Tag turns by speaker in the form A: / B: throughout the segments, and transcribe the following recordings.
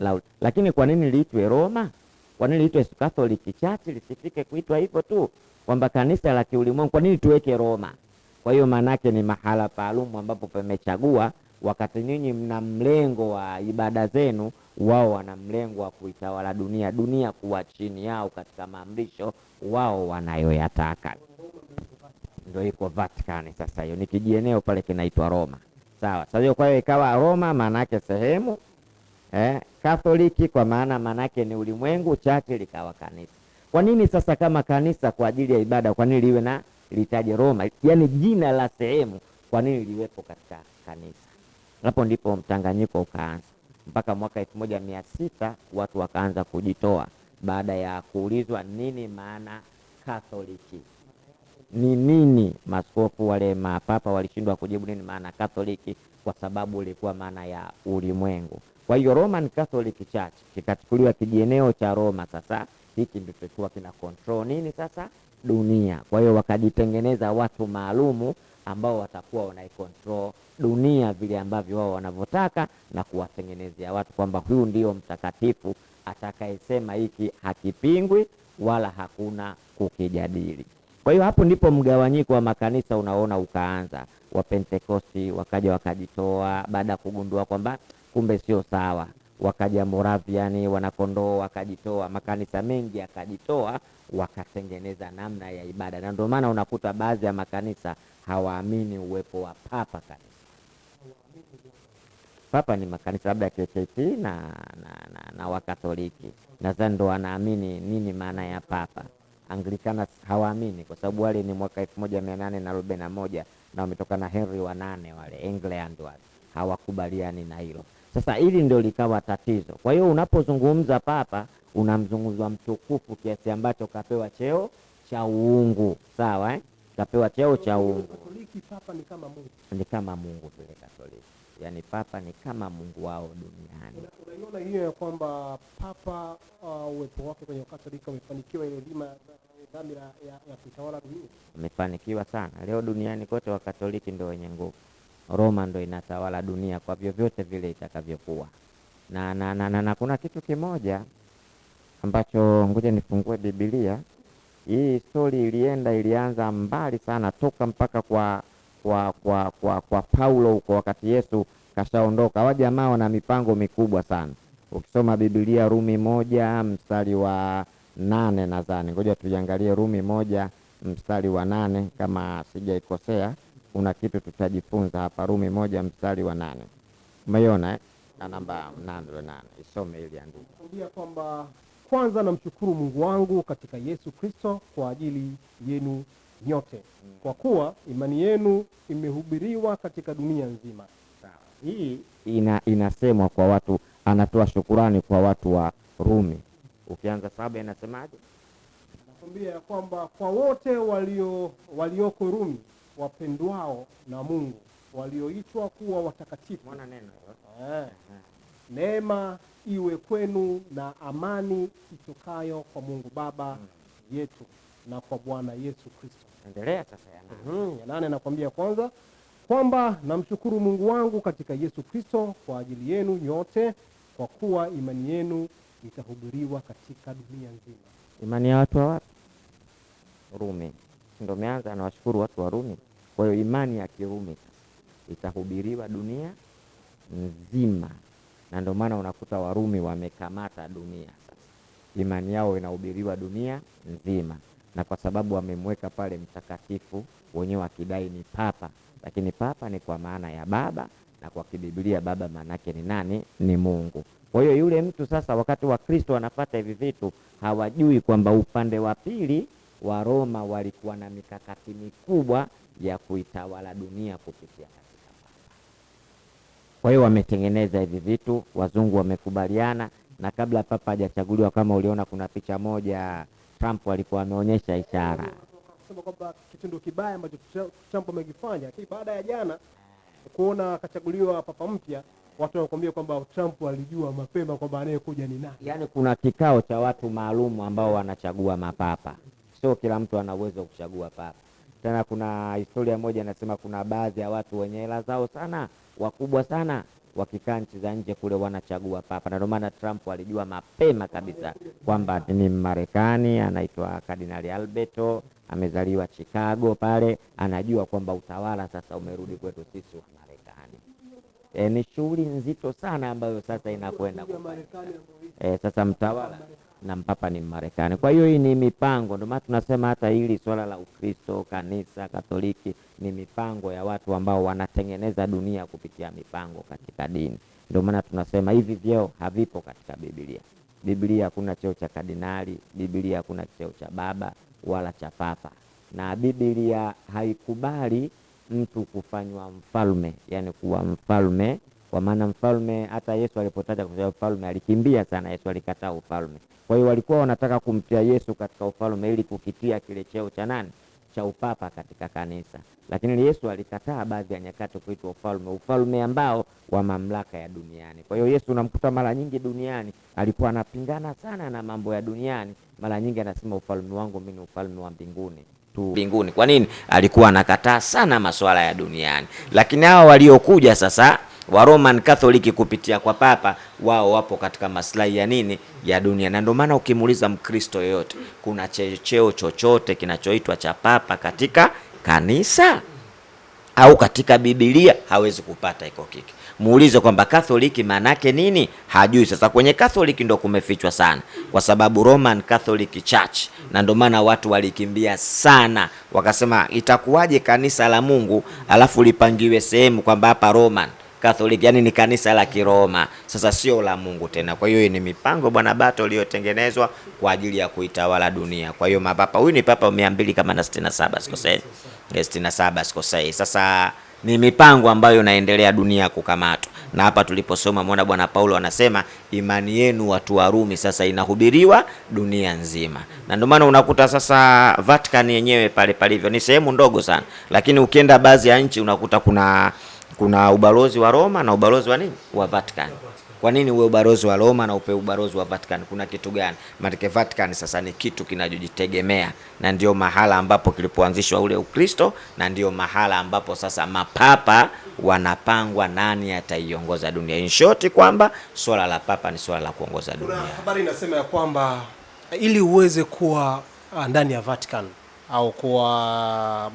A: la, lakini kwa nini liitwe Roma? Kwa nini liitwe Catholic Church? Lisifike kuitwa hivyo tu kwamba kanisa la kiulimwengu. Kwa nini tuweke Roma? Kwa hiyo maanake ni mahala paalumu ambapo pamechagua, wakati nyinyi mna mlengo wa ibada zenu, wao wana mlengo wa kuitawala dunia, dunia kuwa chini yao katika maamrisho wao wanayoyataka. Ndio iko Vatican sasa, hiyo ni kijieneo pale kinaitwa Roma. Sawa. Sasa hiyo kwa hiyo ikawa Roma, maana sehemu eh, Katoliki kwa maana manake ni ulimwengu, chache likawa kanisa. Kwa nini sasa kama kanisa kwa ajili ya ibada, kwa nini liwe na litaje Roma, yaani jina la sehemu, kwa nini liwepo katika kanisa? Hapo ndipo mtanganyiko ukaanza mpaka mwaka elfu moja mia sita watu wakaanza kujitoa baada ya kuulizwa nini maana Katoliki ni nini. Maskofu wale mapapa walishindwa kujibu nini maana Katoliki, kwa sababu ilikuwa maana ya ulimwengu. Kwa hiyo Roman Catholic Church kikachukuliwa kijieneo cha Roma. Sasa hiki ndio kilikuwa kina control nini sasa dunia. Kwa hiyo wakajitengeneza watu maalumu ambao watakuwa wanaikontrol dunia vile ambavyo wao wanavyotaka na kuwatengenezea watu kwamba huyu ndio mtakatifu atakayesema hiki hakipingwi wala hakuna kukijadili. Kwa hiyo hapo ndipo mgawanyiko wa makanisa unaona ukaanza. Wapentekosti wakaja wakajitoa baada ya kugundua kwamba kumbe sio sawa. Wakaja Moravian wanakondoo wakajitoa, makanisa mengi yakajitoa, wakatengeneza namna ya ibada, na ndio maana unakuta baadhi ya makanisa hawaamini uwepo wa papa kanisa. Papa ni makanisa labda ya KKT na, na, na, na Wakatoliki nadhani ndo wanaamini nini maana ya papa. Anglikana hawaamini kwa sababu wale ni mwaka elfu moja mia nane na arobaini na moja na wametoka na Henry wa nane wale England wale hawakubaliani na hilo. Sasa hili ndio likawa tatizo. Kwa hiyo unapozungumza papa unamzungumza mtukufu kiasi ambacho kapewa cheo cha uungu, sawa eh? Kapewa cheo cha uungu.
B: Papa ni kama Mungu,
A: ni kama Mungu vile Katoliki, yaani papa ni kama Mungu wao duniani.
B: Unaiona hiyo ya kwamba papa uh, uwepo uh, wake kwenye Katoliki umefanikiwa ile dhima dhamira ya ya kutawala dunia,
A: umefanikiwa sana. Leo duniani kote wa Katoliki ndio wenye nguvu. Roma ndo inatawala dunia kwa vyovyote vile itakavyokuwa. Na, na, na, na, na kuna kitu kimoja ambacho ngoja nifungue Biblia. Hii stori ilienda ilianza mbali sana toka mpaka kwa kwa kwa kwa, kwa Paulo huko wakati Yesu kashaondoka. Hawa jamaa wana mipango mikubwa sana. Ukisoma Biblia Rumi moja mstari wa nane nadhani, ngoja tuiangalie Rumi moja mstari wa nane kama sijaikosea una kitu tutajifunza hapa. Rumi moja mstari wa nane Umeona eh? na namba nane nane isome ili andika
B: kwamba kwanza namshukuru Mungu wangu katika Yesu Kristo kwa ajili yenu nyote hmm. kwa kuwa imani yenu imehubiriwa katika dunia nzima.
A: Sawa. Hii ina, inasemwa kwa watu, anatoa shukurani kwa watu wa Rumi. Ukianza saba inasemaje?
B: Nakwambia ya kwamba kwa wote walio walioko Rumi wapendwao na Mungu walioitwa kuwa watakatifu. Mbona neno Eh. Neema iwe kwenu na amani itokayo kwa Mungu Baba hmm. yetu na kwa Bwana Yesu Kristo.
A: Endelea sasa ya nane.
B: Mm -hmm. Ya nane nakwambia kwanza kwamba namshukuru Mungu wangu katika Yesu Kristo kwa ajili yenu nyote kwa kuwa imani yenu itahubiriwa katika dunia nzima.
A: Imani ya watu wa wapi? Rumi. Ndio umeanza anawashukuru watu wa Rumi. Kwa hiyo imani ya Kirumi itahubiriwa dunia nzima, na ndio maana unakuta Warumi wamekamata dunia sasa. Imani yao inahubiriwa dunia nzima, na kwa sababu wamemweka pale mtakatifu wenyewe wakidai ni papa, lakini papa ni kwa maana ya baba, na kwa kibiblia baba maanake ni nani? Ni Mungu. Kwa hiyo yule mtu sasa, wakati wa Kristo wanapata hivi vitu, hawajui kwamba upande wa pili Waroma walikuwa na mikakati mikubwa ya kuitawala dunia kupitia katika papa. Kwa hiyo wametengeneza hivi vitu, wazungu wamekubaliana, na kabla papa hajachaguliwa, kama uliona, kuna picha moja Trump alikuwa ameonyesha ishara
B: kwamba kitendo kibaya ambacho Trump amekifanya, lakini baada ya jana kuona akachaguliwa papa mpya watu wanakuambia kwamba Trump alijua mapema kwamba anayekuja ni nani.
A: Yaani kuna kikao cha watu maalumu ambao wanachagua mapapa sio kila mtu ana uwezo wa kuchagua papa. Tena kuna historia moja inasema kuna baadhi ya watu wenye hela zao sana, wakubwa sana, wakikaa nchi za nje kule wanachagua papa, na ndio maana Trump alijua mapema kabisa kwamba ni Marekani, anaitwa Kardinali Alberto, amezaliwa Chicago pale, anajua kwamba utawala sasa umerudi kwetu sisi wa Marekani. E, ni shughuli nzito sana ambayo sasa inakwenda e, sasa mtawala na mpapa ni Mmarekani. Kwa hiyo hii ni mipango, ndio maana tunasema hata hili swala la Ukristo, kanisa Katoliki ni mipango ya watu ambao wanatengeneza dunia kupitia mipango katika dini. Ndio maana tunasema hivi vyeo havipo katika Biblia. Biblia hakuna cheo cha kardinali, Biblia hakuna cheo cha baba wala cha papa, na Biblia haikubali mtu kufanywa mfalme, yani kuwa mfalme kwa maana mfalme hata Yesu alipotaja kwa ufalme alikimbia sana, Yesu alikataa ufalme. Kwa hiyo walikuwa wanataka kumtia Yesu katika ufalme ili kukitia kile cheo cha nani cha upapa katika kanisa, lakini Yesu alikataa baadhi ya nyakati kuitwa ufalme, ufalme ambao wa mamlaka ya duniani. Kwa hiyo Yesu unamkuta mara nyingi duniani alikuwa anapingana sana na mambo ya duniani, mara nyingi anasema ufalme wangu mimi ni ufalme wa mbinguni tu mbinguni. Kwa nini? Alikuwa anakataa sana masuala ya duniani, lakini hao waliokuja sasa wa Roman Catholic kupitia kwa papa wao wapo katika maslahi ya nini ya dunia, na ndio maana ukimuuliza Mkristo yoyote kuna checheo chochote kinachoitwa cha papa katika kanisa au katika Biblia hawezi kupata iko kiki. Muulize kwamba Catholic maanake nini, hajui. Sasa kwenye Catholic ndo kumefichwa sana, kwa sababu Roman Catholic Church, na ndio maana watu walikimbia sana, wakasema itakuwaje kanisa la Mungu alafu lipangiwe sehemu kwamba hapa Roman Katholiki, yani ni kanisa la Kiroma, sasa sio la Mungu tena. Kwa hiyo ni mipango bwana bato iliyotengenezwa kwa ajili ya kuitawala dunia. Kwa hiyo mapapa, huyu ni papa mia mbili kama na sitini na saba sikosei, eh, sitini na saba sikosei. Sasa ni mipango ambayo inaendelea dunia kukamatwa, na hapa tuliposoma mwona bwana Paulo anasema imani yenu watu wa Rumi sasa inahubiriwa dunia nzima, na ndio maana unakuta sasa Vatican yenyewe pale palivyo ni sehemu ndogo sana, lakini ukienda baadhi ya nchi unakuta kuna kuna ubalozi wa Roma na ubalozi wa nini wa Vatican. Kwa nini uwe ubalozi wa Roma na upe ubalozi wa Vatican? Kuna kitu gani? Maana Vatican sasa ni kitu kinajojitegemea na ndio mahala ambapo kilipoanzishwa ule Ukristo, na ndio mahala ambapo sasa mapapa wanapangwa nani ataiongoza dunia. In short kwamba swala la papa ni swala la kuongoza dunia. Kuna
B: habari inasema ya kwamba ili uweze kuwa ah, ndani ya Vatican au kuwa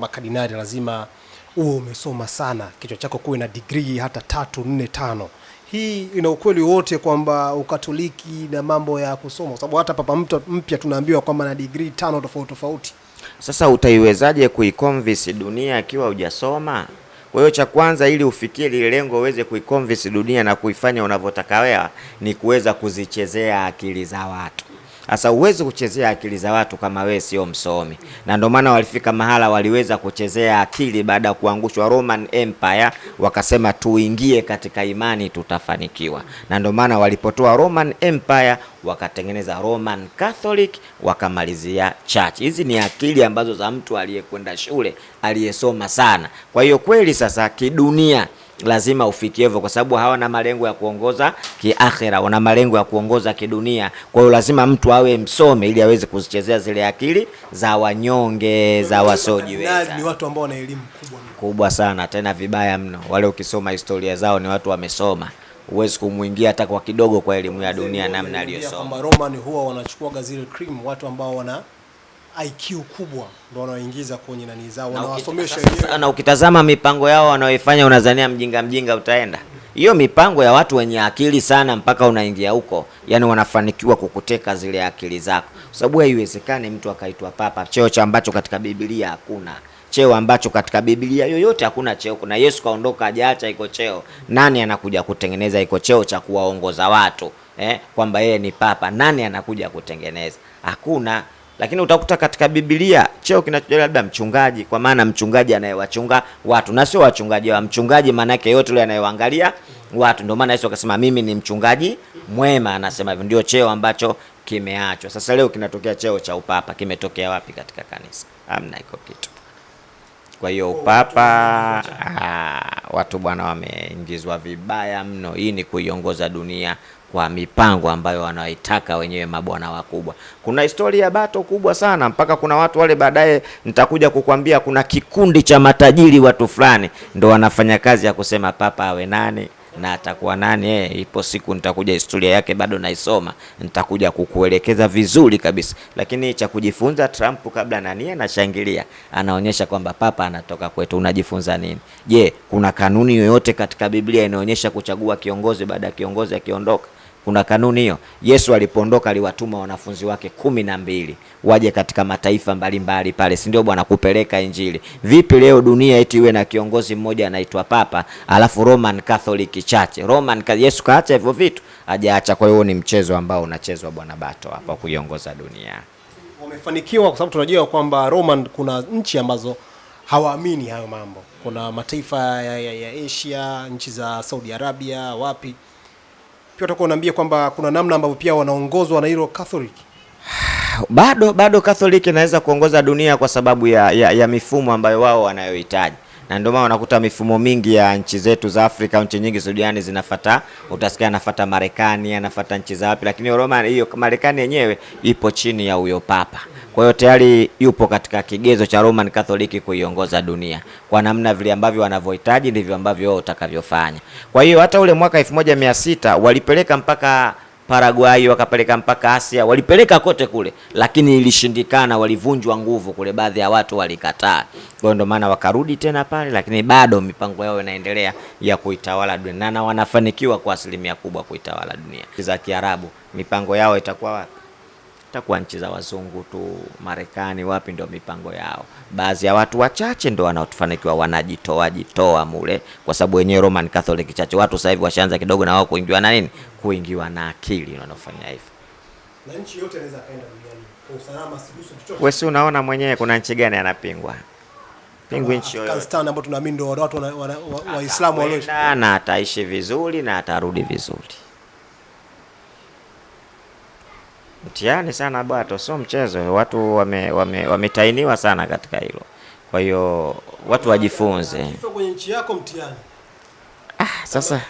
B: makadinari lazima uwe umesoma sana, kichwa chako kuwe na degree hata tatu nne tano. Hii ina ukweli wote kwamba Ukatoliki na mambo ya kusoma, kwa sababu hata Papa mpya tunaambiwa kwamba na degree tano tofauti tofauti.
A: Sasa utaiwezaje kuiconvince dunia akiwa hujasoma? hiyo cha kwanza, ili ufikie lile lengo, uweze kuiconvince dunia na kuifanya unavyotaka wewe, ni kuweza kuzichezea akili za watu. Sasa huwezi kuchezea akili za watu kama wewe sio msomi, na ndio maana walifika mahala waliweza kuchezea akili baada ya kuangushwa Roman Empire, wakasema tuingie katika imani tutafanikiwa, na ndio maana walipotoa Roman Empire wakatengeneza Roman Catholic wakamalizia church. Hizi ni akili ambazo za mtu aliyekwenda shule aliyesoma sana. Kwa hiyo kweli sasa kidunia lazima ufikie hivyo, kwa sababu hawana malengo ya kuongoza kiakhera, wana malengo ya kuongoza kidunia. Kwa hiyo lazima mtu awe msome ili aweze kuzichezea zile akili za wanyonge za wasiojiweza. Ni
B: watu ambao wana elimu kubwa
A: kubwa sana, tena vibaya mno. Wale ukisoma historia zao ni watu wamesoma huwezi kumwingia hata kwa kidogo kwa elimu ya dunia namna aliyosoma.
B: Kama Roman huwa wanachukua gazile cream watu ambao wana IQ kubwa ndo wanaoingiza kwenye nani zao, wanawasomesha wenyewe.
A: Na ukitazama mipango yao wanaoifanya, unazania mjinga mjinga utaenda hiyo mipango ya watu wenye akili sana, mpaka unaingia huko, yani wanafanikiwa kukuteka zile akili zako, kwa sababu haiwezekani mtu akaitwa papa, cheo cha ambacho katika Biblia hakuna cheo ambacho katika Biblia yoyote hakuna cheo. Kuna Yesu kaondoka ajaacha iko cheo. Nani anakuja kutengeneza iko cheo cha kuwaongoza watu eh, kwamba yeye ni papa? Nani anakuja kutengeneza? Hakuna. Lakini utakuta katika Biblia cheo kinachojali labda mchungaji, kwa maana mchungaji anayewachunga watu na sio wachungaji wa mchungaji, maana yake yote yule anayewaangalia watu. Ndio maana Yesu akasema mimi ni mchungaji mwema, anasema hivyo. Ndio cheo ambacho kimeachwa. Sasa leo kinatokea cheo cha upapa, kimetokea wapi katika kanisa? Hamna iko kitu. Kwa hiyo oh, upapa, ah, watu bwana, wameingizwa vibaya mno. Hii ni kuiongoza dunia wa mipango ambayo wanaitaka wenyewe mabwana wakubwa. Kuna historia ya bato kubwa sana, mpaka kuna watu wale, baadaye nitakuja kukwambia, kuna kikundi cha matajiri, watu fulani ndo wanafanya kazi ya kusema papa awe nani na atakuwa nani eh. Ipo siku nitakuja, historia yake bado naisoma, nitakuja kukuelekeza vizuri kabisa. Lakini cha kujifunza, Trump kabla nani anashangilia, anaonyesha kwamba papa anatoka kwetu. Unajifunza nini? Je, kuna kanuni yoyote katika Biblia inaonyesha kuchagua kiongozi baada ya kiongozi akiondoka? Kuna kanuni hiyo. Yesu alipoondoka aliwatuma wanafunzi wake kumi na mbili waje katika mataifa mbalimbali pale, si ndio bwana, kupeleka Injili. Vipi leo dunia eti iwe na kiongozi mmoja anaitwa Papa alafu Roman Catholic chache Roman, Yesu kaacha hivyo vitu? Hajaacha. Kwa hiyo ni mchezo ambao unachezwa bwana Bato hapa kuiongoza dunia.
B: Wamefanikiwa kwa sababu tunajua kwamba Roman kuna nchi ambazo hawaamini hayo mambo. Kuna mataifa ya, ya, ya Asia, nchi za Saudi Arabia, wapi pia utakuwa unaambia kwamba kuna namna ambavyo pia wanaongozwa na hilo Catholic.
A: Bado bado Catholic inaweza kuongoza dunia kwa sababu ya, ya, ya mifumo ambayo wao wanayohitaji na ndio maana unakuta mifumo mingi ya nchi zetu za Afrika, nchi nyingi Sudani zinafata, utasikia anafata Marekani, anafata nchi za wapi, lakini Roma hiyo Marekani yenyewe ipo chini ya huyo papa. Kwa hiyo tayari yupo katika kigezo cha Roman Catholic kuiongoza dunia kwa namna vile ambavyo wanavyohitaji ndivyo ambavyo wao utakavyofanya. Kwa hiyo hata ule mwaka 1600 walipeleka mpaka Paraguay, wakapeleka mpaka Asia, walipeleka kote kule, lakini ilishindikana, walivunjwa nguvu kule, baadhi ya watu walikataa. Kwa hiyo ndio maana wakarudi tena pale, lakini bado mipango yao inaendelea ya kuitawala dunia na wanafanikiwa kwa asilimia kubwa kuitawala dunia. Za Kiarabu mipango yao itakuwa wapi? takuwa nchi za wazungu tu, Marekani wapi, ndio mipango yao. Baadhi ya watu wachache ndio wanaofanikiwa, wanajitoa jitoa mule, kwa sababu wenyewe Roman Catholic Church watu sasa hivi washaanza kidogo na wao kuingiwa na nini, kuingiwa na akili, wanaofanya hivyo
B: na nchi yote inaweza kaenda duniani kwa usalama, sigusu chochote.
A: Wewe si unaona mwenyewe kuna nchi gani anapingwa? Pingwi ah, nchi yoyote.
B: Afghanistan ambapo tunaamini ndio watu wa Waislamu walio.
A: na ataishi vizuri na atarudi vizuri. mtihani sana Bato, sio mchezo. Watu wametainiwa wame, sana katika hilo, kwa hiyo watu wajifunze.
B: Kwenye nchi yako mtihani
A: ah, sasa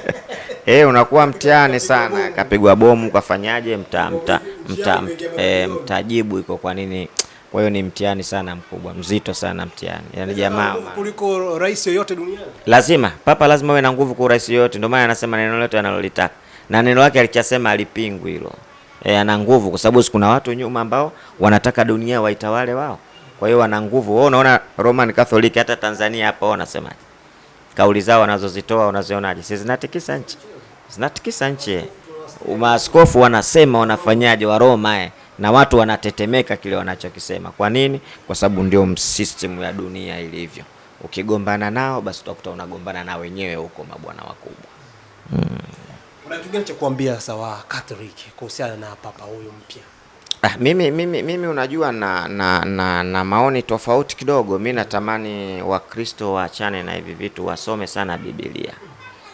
A: eh, unakuwa mtihani sana. Kapigwa bomu kafanyaje? mta mta mta eh, mtajibu iko kwa nini? Kwa hiyo ni mtihani sana mkubwa, mzito sana mtihani. Yaani jamaa
B: kuliko rais yoyote duniani,
A: lazima papa, lazima awe na nguvu kwa rais yoyote. Ndio maana anasema neno lolote analolitaka, na neno lake alichasema alipingwi hilo e, ana nguvu, kwa sababu kuna watu nyuma ambao wanataka dunia waitawale wao, kwa hiyo wana nguvu Wewe Unaona Roman Catholic hata Tanzania hapa wanasema Kauli zao wanazozitoa unazionaje? Si zinatikisa nchi, zinatikisa nchi. Eh. Maaskofu wanasema wanafanyaje wa Roma eh, na watu wanatetemeka kile wanachokisema. Kwa nini? Kwa sababu ndio system ya dunia ilivyo. Ukigombana nao basi utakuta unagombana na wenyewe huko mabwana wakubwa. Hmm.
B: Una kitu gani cha kuambia sawa Catholic kuhusiana na papa huyu mpya?
A: Ah, mimi, mimi, mimi unajua na, na, na, na maoni tofauti kidogo. Mi natamani Wakristo waachane na hivi vitu, wasome sana Biblia.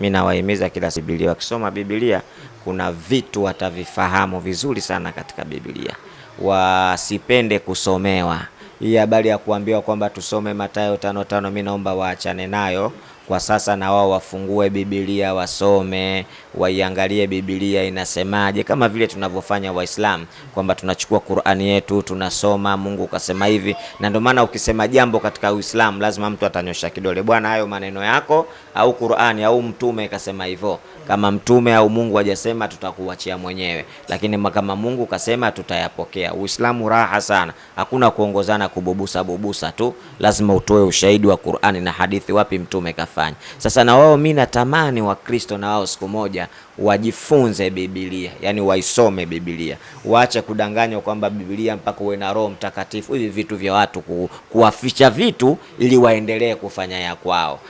A: Mi nawahimiza kila Biblia, wakisoma Biblia kuna vitu watavifahamu vizuri sana katika Biblia. Wasipende kusomewa hii habari ya kuambiwa kwamba tusome Mathayo tano tano, mi naomba waachane nayo kwa sasa na wao wafungue Biblia wasome, waiangalie Biblia inasemaje, kama vile tunavyofanya Waislamu kwamba tunachukua Qur'ani yetu tunasoma, Mungu kasema hivi. Na ndio maana ukisema jambo katika Uislamu lazima mtu atanyosha kidole, bwana, hayo maneno yako au Qur'ani au mtume kasema hivyo. Kama mtume au Mungu hajasema, tutakuachia mwenyewe, lakini kama Mungu kasema, tutayapokea. Uislamu raha sana, hakuna kuongozana kububusa bubusa tu, lazima utoe ushahidi wa Qur'ani na hadithi, wapi mtume ka wanafanya. Sasa na wao mi natamani Wakristo na wao siku moja wajifunze Biblia, yani waisome Biblia, waache kudanganywa kwamba Biblia mpaka uwe na Roho Mtakatifu, hivi vitu vya watu ku, kuwaficha vitu ili waendelee kufanya ya kwao.